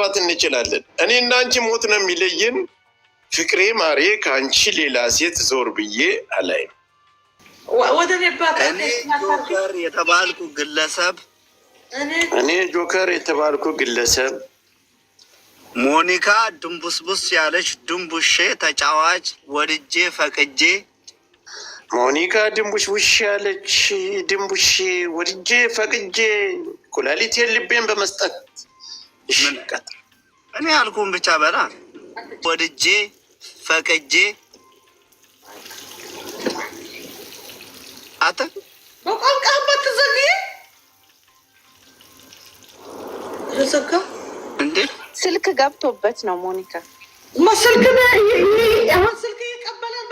ባት እንችላለን። እኔ እና አንቺ ሞት ነው የሚለየን። ፍቅሬ ማሬ ከአንቺ ሌላ ሴት ዞር ብዬ አላይ እኔ ጆከር የተባልኩ ግለሰብ እኔ ጆከር የተባልኩ ግለሰብ ሞኒካ ድንቡስቡስ ያለች ድንቡሼ ተጫዋች ወድጄ ፈቅጄ ሞኒካ ድንቡሽቡሽ ያለች ድንቡሼ ወድጄ ፈቅጄ ኩላሊቴን ልቤን በመስጠት ምን እኔ አልኩም ብቻ በላ። ወድጄ ፈቅጄ አተ በቋንቋ ትዘግዬ ዘጋ እንዴ? ስልክ ገብቶበት ነው ሞኒካ ስልክ ስልክ ይቀበላል።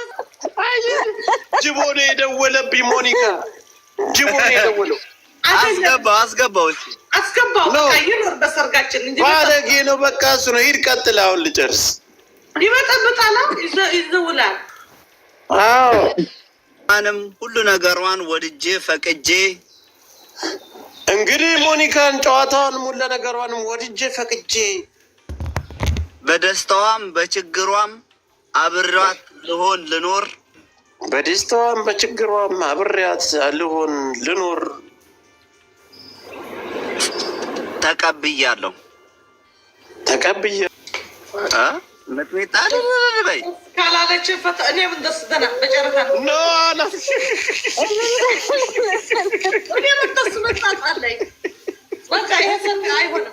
ጅቦ ነው የደወለብኝ ሞኒካ ጅቦ ነው የደወለው። አስገባ አስገባው አስገባው ይኖር በሰርጋችን እንጂ ባለጌ ነው። በቃ እሱ ነው። ሂድ ቀጥል። አሁን ልጨርስ። ይበጠብጣል፣ ይዘውላል። አዎ አንም ሁሉ ነገሯን ወድጄ ፈቅጄ እንግዲህ ሞኒካን ጨዋታዋን ሙሉ ነገሯንም ወድጄ ፈቅጄ በደስታዋም በችግሯም አብራት ልሆን ልኖር በደስታዋም በችግሯም አብሬያት ልሆን ልኖር ተቀብያለሁ። ተቀብያ መጥሜጣ በይ ካላለችበት እኔም ደስ ደና በጨረታ እኔም ደስ መጣጣለኝ። በቃ ይሄን አይሆንም።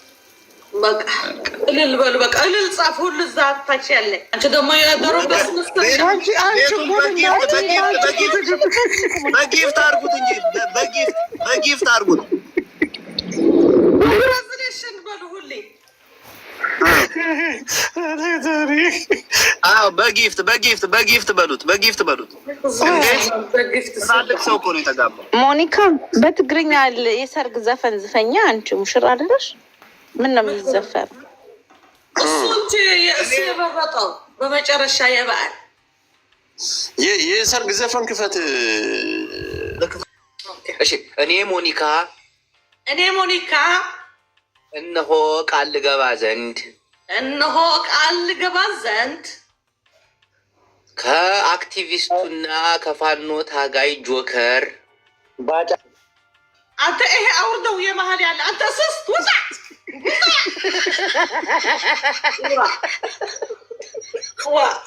እልል በል በቃ እልል ጻፍ ሁሉ እዛ አታች ያለ አንቺ ደግሞ የነበረበት በጊፍት አርጉት እንጂ በጊፍት አርጉት። በጊፍት በጊፍት በጊፍት በሉት በጊፍት በሉት። ትላልቅ ሰው እኮ ነው የተጋባው። ሞኒካ በትግርኛ የሰርግ ዘፈን ዝፈኛ አንቺ ሙሽራ አደረሽ ምን ነው የሚዘፈር? እሱ የመረጠው በመጨረሻ የበዓል የሰርግ ዘፈን ክፈት። እሺ፣ እኔ ሞኒካ እኔ ሞኒካ እነሆ ቃል ልገባ ዘንድ እነሆ ቃል ልገባ ዘንድ ከአክቲቪስቱና ከፋኖ ታጋይ ጆከር አንተ ይሄ አውርደው የመሀል ያለ አንተ ስስት ውጣ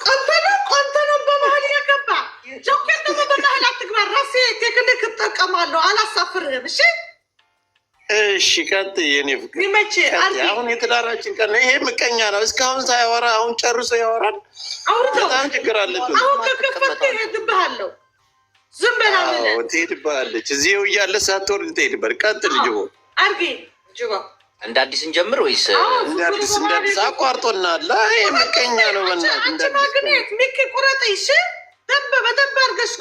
ቆንተ ነው በመሀል የገባ ጆኬር ደግሞ በመሀል አትግባ። ራሴ ቴክኒክ እጠቀማለሁ፣ አላሳፍርህም። እሺ እሺ። ቀጥ የኔ ፍቅር አሁን የትዳራችን ቀን ይሄ ምቀኛ ነው። እስካሁን ሳያወራ አሁን ጨርሶ ያወራል። በጣም ችግር አለብህ። አሁን ከከፈት ትሄድብሃለሁ። ዝም በላ ትሄድብሃለች። እዚህ እያለ ሳትወርድ ትሄድበት። ቀጥ ልጅ አርጌ ጅባ እንደ አዲስ እንጀምር ወይስ እንደ አዲስ እንደ አዲስ ላይ ምቀኛ ነው። በናትማግኘት ሚኪ ቁረጤ ሽ ደበ በደንብ አድርገሽ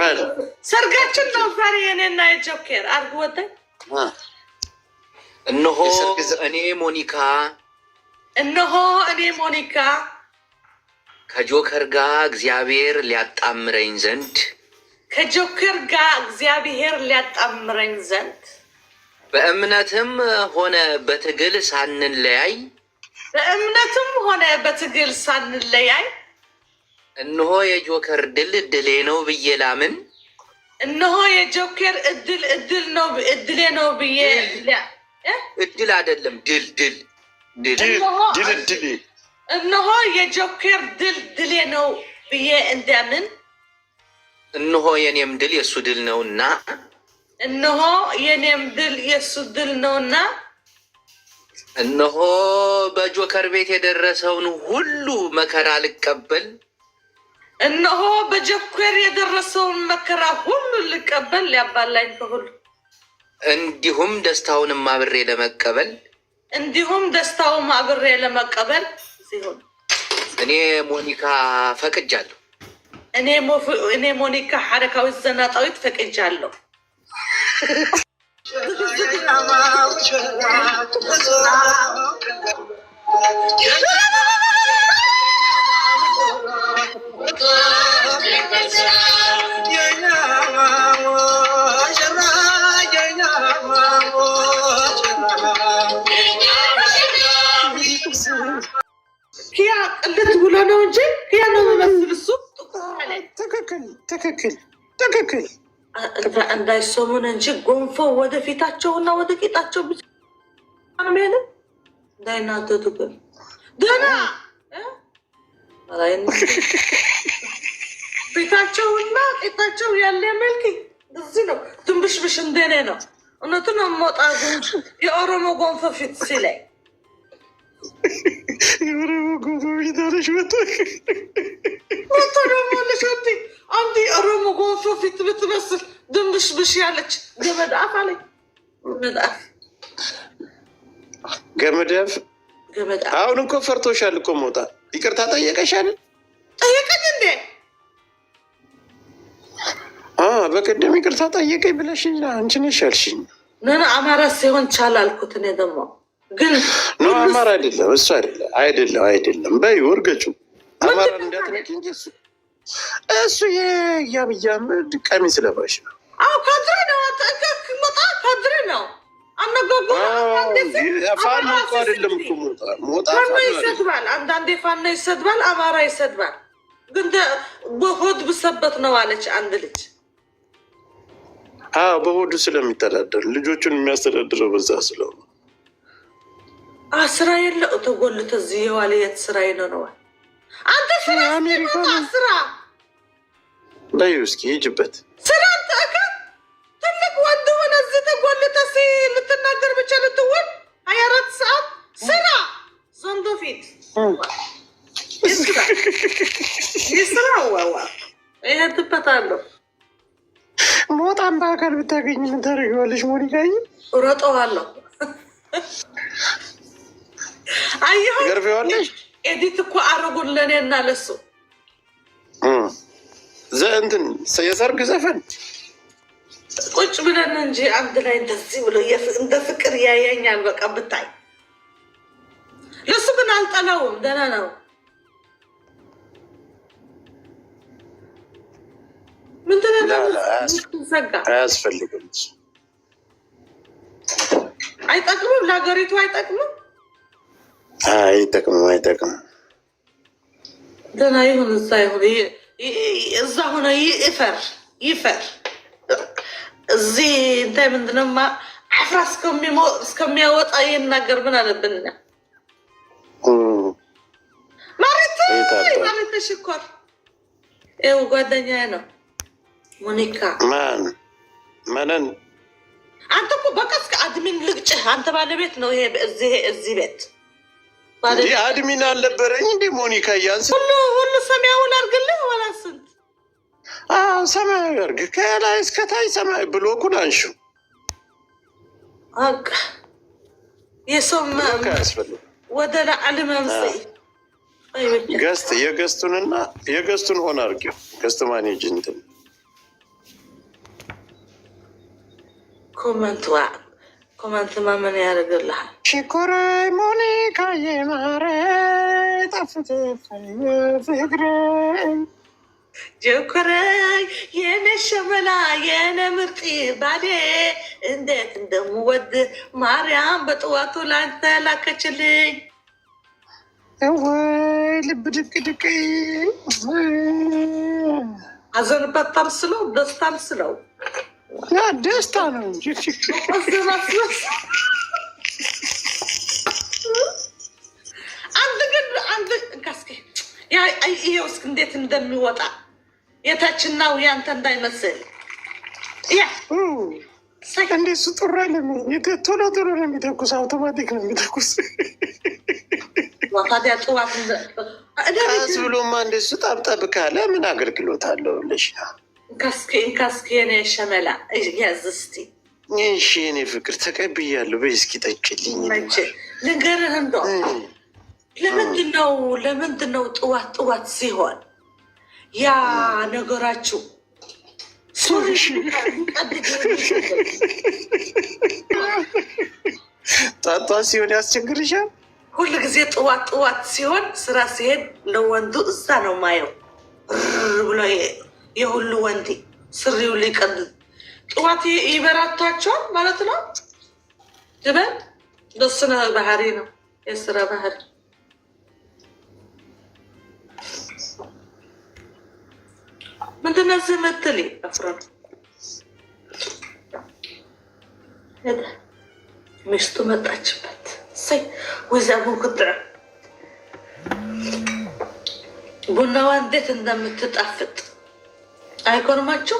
በል ሰርጋችን ነው ዛሬ የኔና የጆኬር አርግ ወደ እነሆ እኔ ሞኒካ እነሆ እኔ ሞኒካ ከጆከር ጋር እግዚአብሔር ሊያጣምረኝ ዘንድ ከጆከር ጋር እግዚአብሔር ሊያጣምረኝ ዘንድ በእምነትም ሆነ በትግል ሳንለያይ በእምነትም ሆነ በትግል ሳንለያይ እነሆ የጆከር ድል ድሌ ነው ብዬ ላምን እነሆ የጆከር እድል እድል ነው እድሌ ነው ብዬ እድል አይደለም ድል ድል ድል እነሆ የጆከር ድል ድሌ ነው ብዬ እንዲያምን እነሆ የኔም ድል የእሱ ድል ነውና እነሆ የኔም ድል የእሱ ድል ነውና እነሆ በጆከር ቤት የደረሰውን ሁሉ መከራ ልቀበል እነሆ በጆከር የደረሰውን መከራ ሁሉ ልቀበል ሊያባላኝ በሁሉ እንዲሁም ደስታውን አብሬ ለመቀበል እንዲሁም ደስታውን አብሬ ለመቀበል እኔ ሞኒካ ፈቅጃለሁ። እኔ ሞኒካ ሐረካዊት ዘናጣዊት ፈቅጃለሁ። ያ ቅልት ብሎ ነው እንጂ ትክክል ትክክል። እንዳይሰሙን እንጂ ጎንፈው ወደ ፊታቸውና ወደ ጌጣቸው ብቻ ሄደ እንዳይናተቱብን ገና ፊታቸውና ጌጣቸው ያለ መልክ እዚህ ነው። ትንብሽብሽ እንደኔ ነው። እውነቱን ሞጣ ጉንጭ የኦሮሞ ጎንፈ ፊት ሲላይ የኦሮሞ ጎንፈ ፊት አለሽ መቶ መቶ ደግሞ ፊት ብትመስል ድንብሽብሽ ያለች ገመድ አፍ አለኝ። ገመድ አፍ አሁን እኮ ፈርቶሻል እኮ መውጣት። ይቅርታ ጠየቀሻል? ጠየቀኝ እንዴ? በቀደም ይቅርታ ጠየቀኝ ብለሽኝ አንቺ ነሽ ምን አማራ ሲሆን ቻል አልኩት። እኔ ደግሞ ግን ኖ አማራ አይደለም እሱ አይደለም አይደለም አይደለም በይ ወርገጩ አማራ እንዳትነኪ እንጂ እሱ እሱ የአብይ አህመድ ቀሚስ ለባሽ ነው። አዎ ካድሬ ነው። ሞጣ ካድሬ ነው። ፋኖ እኮ ይሰድባል። አንዳንዴ ፋኖ ይሰድባል፣ አማራ ይሰድባል። ግን በሆድ ብሰበት ነው አለች አንድ ልጅ። አዎ በሆዱ ስለሚተዳደር ልጆቹን የሚያስተዳድረው በዛ ስለሆነ ስራ የለው ተጎልተ እዚህ የዋለ የት ስራ ይኖረዋል? አንተ ስራ ስራ በይ እስኪ ሂጅበት ስራ ትልቅ ወንድ ሆነ እዚህ ተጎልተህ ልትናገር ብቻ ልትውል ሀያ አራት ሰዓት ስራ ዘንዶ ፊት ሞጣን በአካል ብታገኝ ምን ታደርጊዋለሽ? ሞኒካዬ እሮጠዋለሁ። አየሁ ገርፌዋለሽ ኤዲት እኮ አርጉን ለእኔ እና ለሱ እንትን የሰርግ ዘፈን ቁጭ ብለን እንጂ አንድ ላይ እንደዚህ ብሎ እንደ ፍቅር ያያኛል። በቃ ብታይ ለሱ ግን አልጠላውም፣ ደህና ነው። አያስፈልግም፣ አይጠቅምም፣ ለሀገሪቱ አይጠቅምም። አይጠቅምም አይጠቅምም። ደህና ይሁን እዛ ይሁን እዛ ሆነ ይፈር ይፈር እዚህ እንታይ ምንድነማ አፍራ እስከሚያወጣ ይናገር። ምን አለብን ማለት ማለት ተሽኮር ይው ጓደኛ ነው ሞኒካ ማን ማንን አንተ እኮ በቀስከ አድሚን ልቅጭህ አንተ ባለቤት ነው ይሄ እዚህ ቤት አድሚን አልነበረኝ እንደ ሞኒካ እያንስ ሁሉ ሁሉ ሰማያውን አርግልህ አዎ ሰማያዊ አርግ ከላይ እስከታይ ሰማያዊ ብሎኩን አንሹ። የሰው ወደ ላዕል መምሰይ ገስት የገስቱንና የገስቱን ሆን አርጊው ገስት ማኔጅንትን ኮመንት ዋ ኮመንት ማመን ያደርግልሃል። ሽኩር ሞኒካ የማረ ጠፍት ፍቅር ጀኩረ የነ ሸመላ የነ ምርጥ ባሌ እንዴት እንደምወድ ማርያም በጥዋቱ ላንተ ላከችልኝ። ወይ ልብ ድቅ ድቅ አዘንበታም ስለው ደስታም ስለው ደስታ ነው እንጂ ይሄው እስኪ እንዴት እንደሚወጣ የታችናው ያንተ እንዳይመስል እንደሱ ጥራ ቶሎ ቶሎ ነው የሚተኩስ፣ አውቶማቲክ ነው የሚተኩስ። ቀስ ብሎማ እንደሱ ጣብጣብ ካለ ምን አገልግሎት አለው? እንካስኬን ሸመላ ያዝ እስቲ። እሺ የኔ ፍቅር ተቀብያለሁ። በይ እስኪ ጠጭልኝ። ልንገርህ እንደ ለምንድን ነው ለምንድን ነው ጥዋት ጥዋት ሲሆን ያ ነገራችሁ ጣጧ ሲሆን ያስቸግርሻል። ሁል ጊዜ ጥዋት ጥዋት ሲሆን ስራ ሲሄድ ለወንዱ እዛ ነው ማየው ብሎ የሁሉ ወንዴ ስሪው ሊቀል ጥዋት ይበራታቸዋል ማለት ነው። ግበን በስነ ባህሪ ነው የስራ ባህሪ ምንድነዚህ ምትል እዚህ ሚስቱ መጣችበት። ሰይ ወዛቡ ክትዕ ቡናዋ እንዴት እንደምትጣፍጥ አይኮርማችሁ?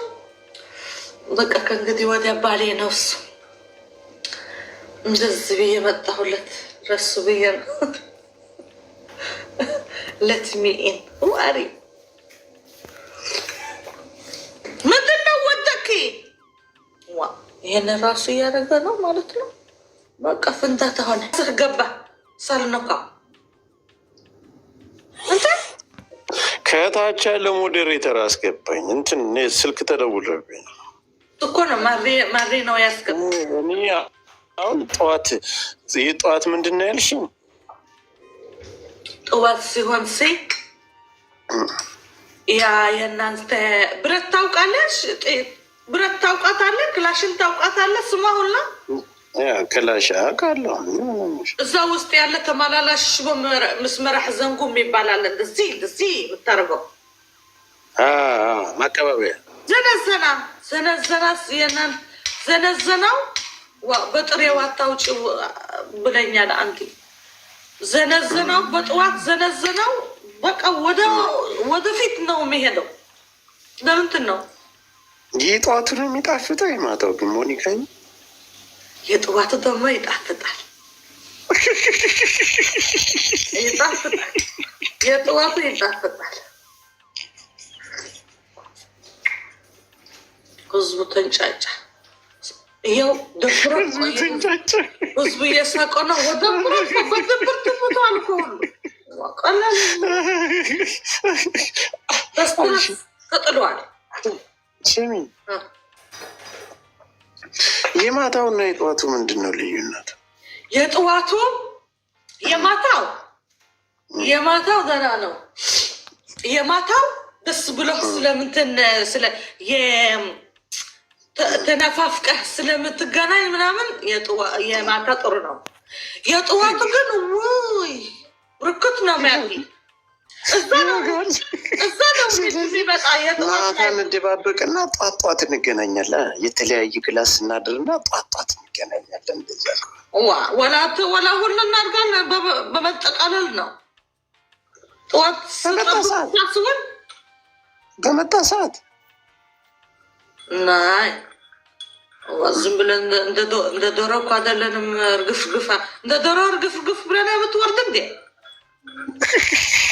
በቃ ከእንግዲህ ወዲያ ባሌ ነው እሱ። እንደዚህ ብዬ መጣሁለት ረሱ ብዬ ነው ለትሚኢን ዋሪ ምንድነው ወደኪ ይህንን ራሱ እያደረገ ነው ማለት ነው። በቃ ፍንታ ተሆነ ስር ገባ ሳልነካው ከታች ያለ ሞዴሬተር አስገባኝ። እንትን ስልክ ተደውሎብኝ እኮ ነው ማሬ ነው ያስገባኝ። አሁን ጠዋት ይህ ጠዋት ምንድን ነው ያልሽኝ? ጠዋት ሲሆን ሴ ያ የእናንተ ብረት ታውቃለሽ፣ ብረት ታውቃታለህ፣ ክላሽን ታውቃታለህ፣ ስሟ ሁላ ክላሽ አውቃለሁ። እዛ ውስጥ ያለ ተመላላሽ ሽቦ ምስመራህ ዘንጉ የሚባል አለ። እንደዚህ እንደዚህ የምታደርገው ማቀባበያ ዘነዘና ዘነዘና የነን ዘነዘናው በጥሬው አታውጭ ብለኛል። አንድ ዘነዘናው በጠዋት ዘነዘናው በቃ ወደፊት ነው የሚሄደው። ለምንትን ነው ይህ ጠዋቱ ነው የሚጣፍጠው የማታው ግን ሞኒካኝ የጠዋቱ ደግሞ ይጣፍጣል ይጣፍጣል። የጠዋቱ ይጣፍጣል። ህዝቡ ተንጫጫ። ይኸው ደብረ ህዝቡ እየሳቀ ነው። ወደብረ በድብር ትሙት አልከሆሉ ቀለል ተጥሏል። የማታውና የጠዋቱ ምንድን ነው ልዩነት? የጠዋቱ የማታው የማታው ዘና ነው። የማታው ደስ ብሎ ስለምንትን ስለ ተነፋፍቀህ ስለምትገናኝ ምናምን የማታ ጥሩ ነው። የጠዋቱ ግን ውይ ርክት ነው ሚያ እንደባበቅና ጧት ጧት እንገናኛለን። የተለያየ ክላስ እናድርና ጧት ጧት እንገናኛለን። ወላት ወላ ሁሉ እናድጋን በመጠቃለል ነው። ጠዋት ስሁን በመጣ ሰዓት ናይ ዝም ብለን እንደ ዶሮ እኮ አይደለንም። እርግፍ ግፋ እንደ ዶሮ እርግፍ ግፍ ብለን የምትወርድ እንዴ?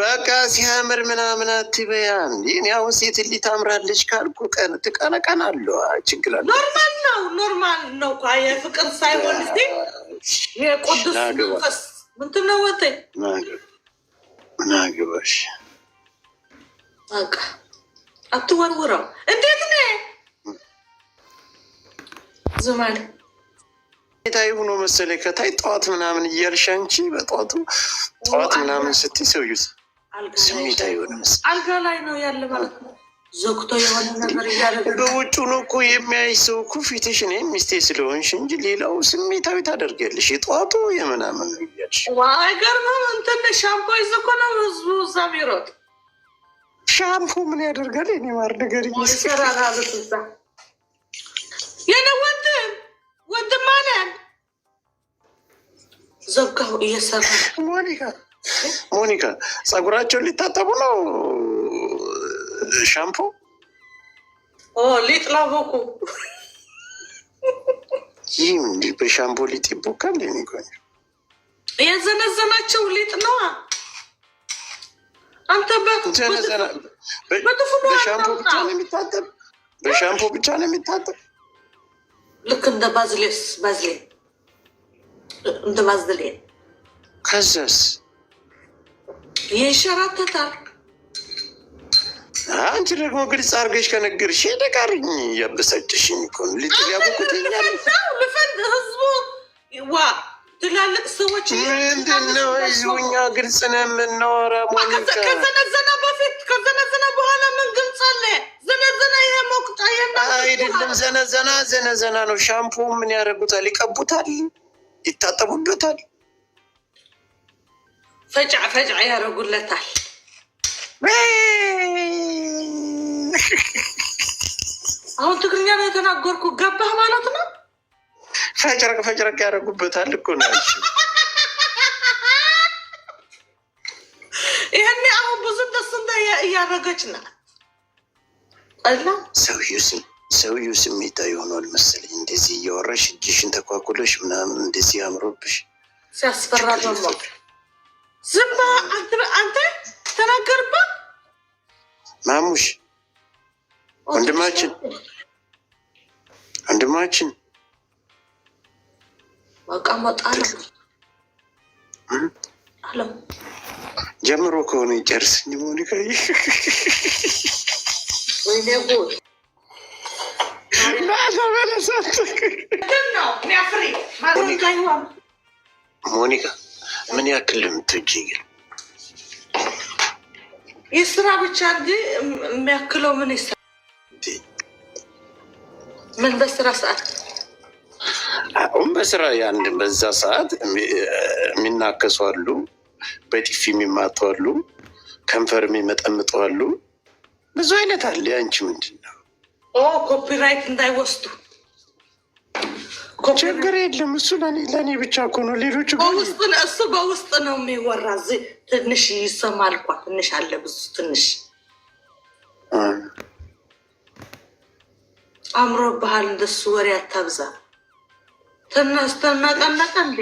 በቃ ሲያምር ምናምን አትበያ። ይህን አሁን ሴት ሊ ታምራለች ካልኩ ቀን ትቀነቀን አለ ችግር አለ። ኖርማል ነው ኖርማል ነው። የፍቅር ሳይሆን የቅዱስ መንፈስ ምንትን ነው ወተኝ ናግባሽ አትወርውረው። እንዴት ነ ዙማል ታይ ሆኖ መሰለኝ ከታይ ጠዋት ምናምን እያልሽ አንቺ በጠዋቱ ጠዋት ምናምን ስትይ ሰውዬው ስሜታ አይሆንም። አልጋ ላይ ነው ያለ ማለት ነው። ዘግቶ የሆነ ነገር እያደረገ በውጭ ነው እኮ የሚያይ ሰው እኮ ፊትሽን ሚስቴ ስለሆንሽ እንጂ ሌላው ስሜታዊ ታደርጊያለሽ። የጠዋቱ የምናምን ነው አይገርምም። እንትን ሻምፖ ይዞ እኮ ነው ህዝቡ እዛ ሚሮጥ። ሻምፖ ምን ያደርጋል? የኔ ማር ነገር ይሰራራበት እዛ ወንድም ወንድም ማለት ዘጋሁ እየሰራ Monica, s-a curat ce lita ta bună? Șampu? Uh, o, oh, lit la vocu. Chim, de pe șampu lit e bucat de nicoi. E zână zână ce lit, nu? Am tăbăt. Zână zână. Pe șampu picioane mi tată. Pe șampu picioane mi tată. Lăcând de bazile, bazile. Îmi dă mazdălie. Că zis? ይንሸራተታል። አንቺ ደግሞ ግልጽ አድርገሽ ከነገርሽ ደቃርኝ እያበሳጨሽኝ እኮ ነው። ህዝቡ ዋ ትላልቅ ሰዎች ምንድነው? ነው እኛ ግልጽ ነው የምናወራ። ሞኒካ ከዘነዘና በፊት ከዘነዘና በኋላ ምን ግልጽ አለ? ዘነዘና ይሄ መቁጫ አይደለም። ዘነዘና ዘነዘና ነው። ሻምፑ ምን ያደርጉታል? ይቀቡታል፣ ይታጠቡበታል ፈጫ ፈጫ ያደርጉለታል። አሁን ትግርኛ ላይ የተናገርኩ ገባህ ማለት ነው። ፈጭረቅ ፈጭረቅ ያደርጉበታል እኮ ነው። ይህኔ አሁን ብዙ ደስ እንደ እያደረገች ናት። ሰውዬው ስሜታዊ ሆኗል መሰለኝ። እንደዚህ እያወራሽ እጅሽን ተኳኩሎሽ ምናምን እንደዚህ አምሮብሽ ሲያስፈራ ዝም አንተ ማሙሽ ወንድማችን ወንድማችን ጀምሮ ከሆነ ይጨርስ። ሞኒካ ምን ያክል ልምትጅኝ የስራ ብቻ እንጂ የሚያክለው ምን ይሰራ ምን በስራ ሰዓት አሁን በስራ ያን በዛ ሰዓት የሚናከሱ አሉ፣ የሚማተዋሉ፣ የሚማቱ አሉ፣ ከንፈር የሚመጠምጡ አሉ። ብዙ አይነት አለ። ያንቺ ምንድን ነው ኮፒራይት እንዳይወስዱ ችግር የለም። እሱ ለእኔ ብቻ እኮ ነው። ሌሎች በውስጥ እሱ በውስጥ ነው የሚወራ። ትንሽ ይሰማል እኮ ትንሽ አለ ብዙ ትንሽ አምሮ ባህል እንደሱ ወሬ አታብዛ። ትናስተናቀናቀ እንዴ?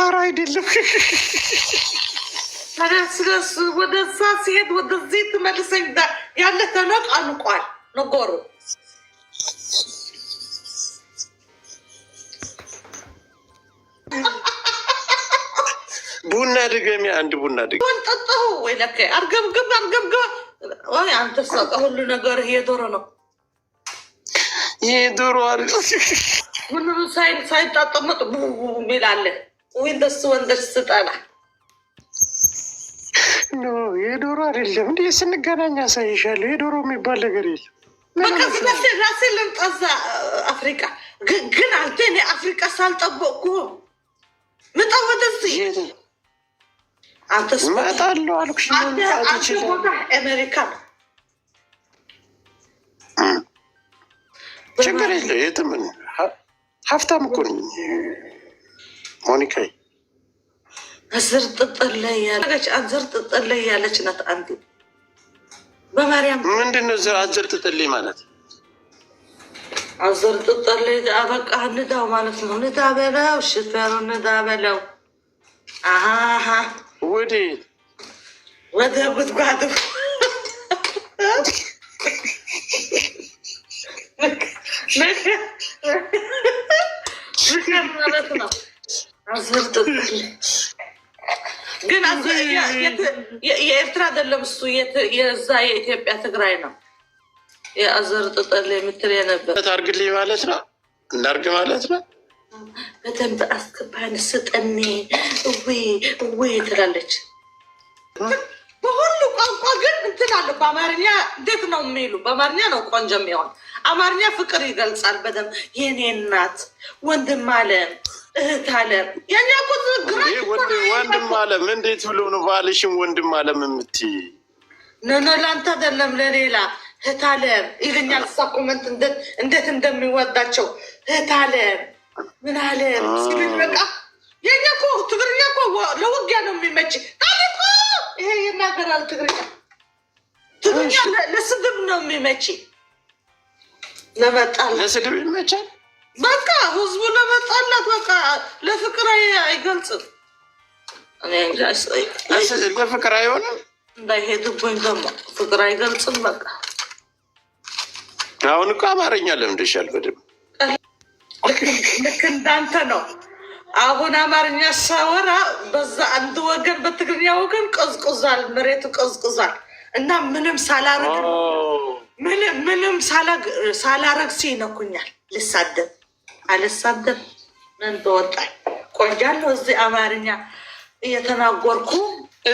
ኧረ አይደለም። ወደዛ ሲሄድ ወደዚህ ትመልሰኝ ያለ ተነቃንቋል ነገሩ ቡና ድገሚ፣ አንድ ቡና ድገሚ። ጠጣሁ ወይ ለካ አርገብግብ ወይ አንተ ሳቀ ሁሉ ነገር የዶሮ ነው ይሄ ዶሮ የዶሮ ሁሉ ሳይጣጠመጥ ሚላለ ወይ እንደሱ ወንደች ስጠላ የዶሮ አይደለም እንዲ ስንገናኝ አሳይሻለሁ። የዶሮ የሚባል ነገር የለም። ራሴ ልንጠዛ አፍሪካ ግን አንተ እኔ አፍሪካ ሳልጠበቅኩ ምጣ ወደዚህ እመጣለሁ አልኩሽ። አሜሪካ ችግር የለ የትም ሀብታም እኮ ነኝ ሞኒካዬ። አዝር ጥጥላይ ያለች አዝር ጥጥላይ ያለች ናት። አንዱ በማርያም ምንድን ነው አዝር ጥጥላይ ማለት? አዘር ጥጠር ላይ በቃ ንዳው ማለት ነው። ንዳ በለው ሽፈሩ ንዳ በለው ወዴት ወደ ጉድጓዱ ግን የኤርትራ አይደለም እሱ የዛ የኢትዮጵያ ትግራይ ነው። የአዘር ጥጠል የምትል የነበር ታርግልኝ ማለት ነው። እናርግ ማለት ነው። በደንብ አስገባን ስጠኔ እዌ እዌ ትላለች። በሁሉ ቋንቋ ግን እንትን በአማርኛ እንዴት ነው የሚሉ በአማርኛ ነው ቆንጆ የሚሆን አማርኛ ፍቅር ይገልጻል በደንብ የኔ እናት ወንድም አለ እህት አለ የኛ ወንድም አለም እንዴት ብሎ ነው ባልሽም ወንድም አለም የምትይ ነነ ለአንተ አይደለም ለሌላ ህታለም ይለኛል። እዛ ኮመንት እንዴት እንደሚወዳቸው ህታለም ምን አለም ሲብል በቃ የኛ እኮ ትግርኛ እኮ ለውጊያ ነው የሚመች ጣሊኮ ይሄ ይናገራል። ትግርኛ ትግርኛ ለስድብ ነው የሚመች ለመጣል ለስድብ ይመቻል። በቃ ህዝቡ ለመጣላት በቃ ለፍቅር አይገልጽም። ለፍቅር አይሆንም። እንዳይሄድብኝ ደሞ ፍቅር አይገልጽም። በቃ አሁን እኮ አማርኛ ለምደሻል በደምብ። ልክ እንዳንተ ነው። አሁን አማርኛ ሳወራ በዛ አንድ ወገን በትግርኛ ወገን ቀዝቅዟል፣ መሬቱ ቀዝቅዟል። እና ምንም ሳላረግ ምንም ሳላረግ ሲ ይነኩኛል። ልሳደብ አልሳደብ ምን በወጣኝ ቆያለሁ እዚህ አማርኛ እየተናጎርኩ።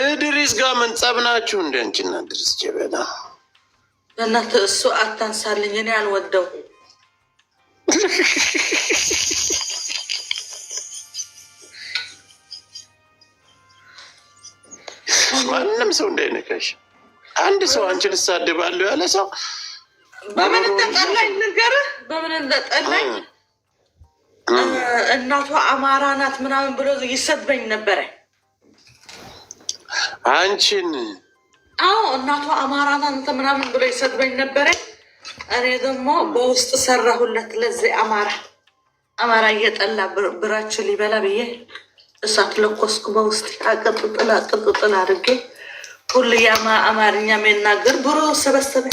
እድሪስ ጋር ምን ጸብ ናችሁ? እንደንችና አንቺና እድሪስ ጀበና በእናተ እሱ አታንሳልኝ፣ እኔ አልወደው። ማንም ሰው እንዳይነካሽ። አንድ ሰው አንቺን እሳድባለሁ ያለ ሰው በምን እንደጠላኝ ንገርህ፣ በምን እንደጠላኝ እናቷ አማራ ናት ምናምን ብሎ ይሰድበኝ ነበረ አንቺን አዎ እናቷ አማራ ናንተ ምናምን ብሎ ይሰድበኝ ነበረ። እኔ ደግሞ በውስጥ ሰራሁለት ለዚህ አማራ አማራ እየጠላ ብራችሁ ሊበላ ብዬ እሳት ለኮስኩ። በውስጥ አቅጥጥል አቅጥጥል አድርጌ ሁሉ የአማርኛ የሚናገር ብሮ ሰበሰበ።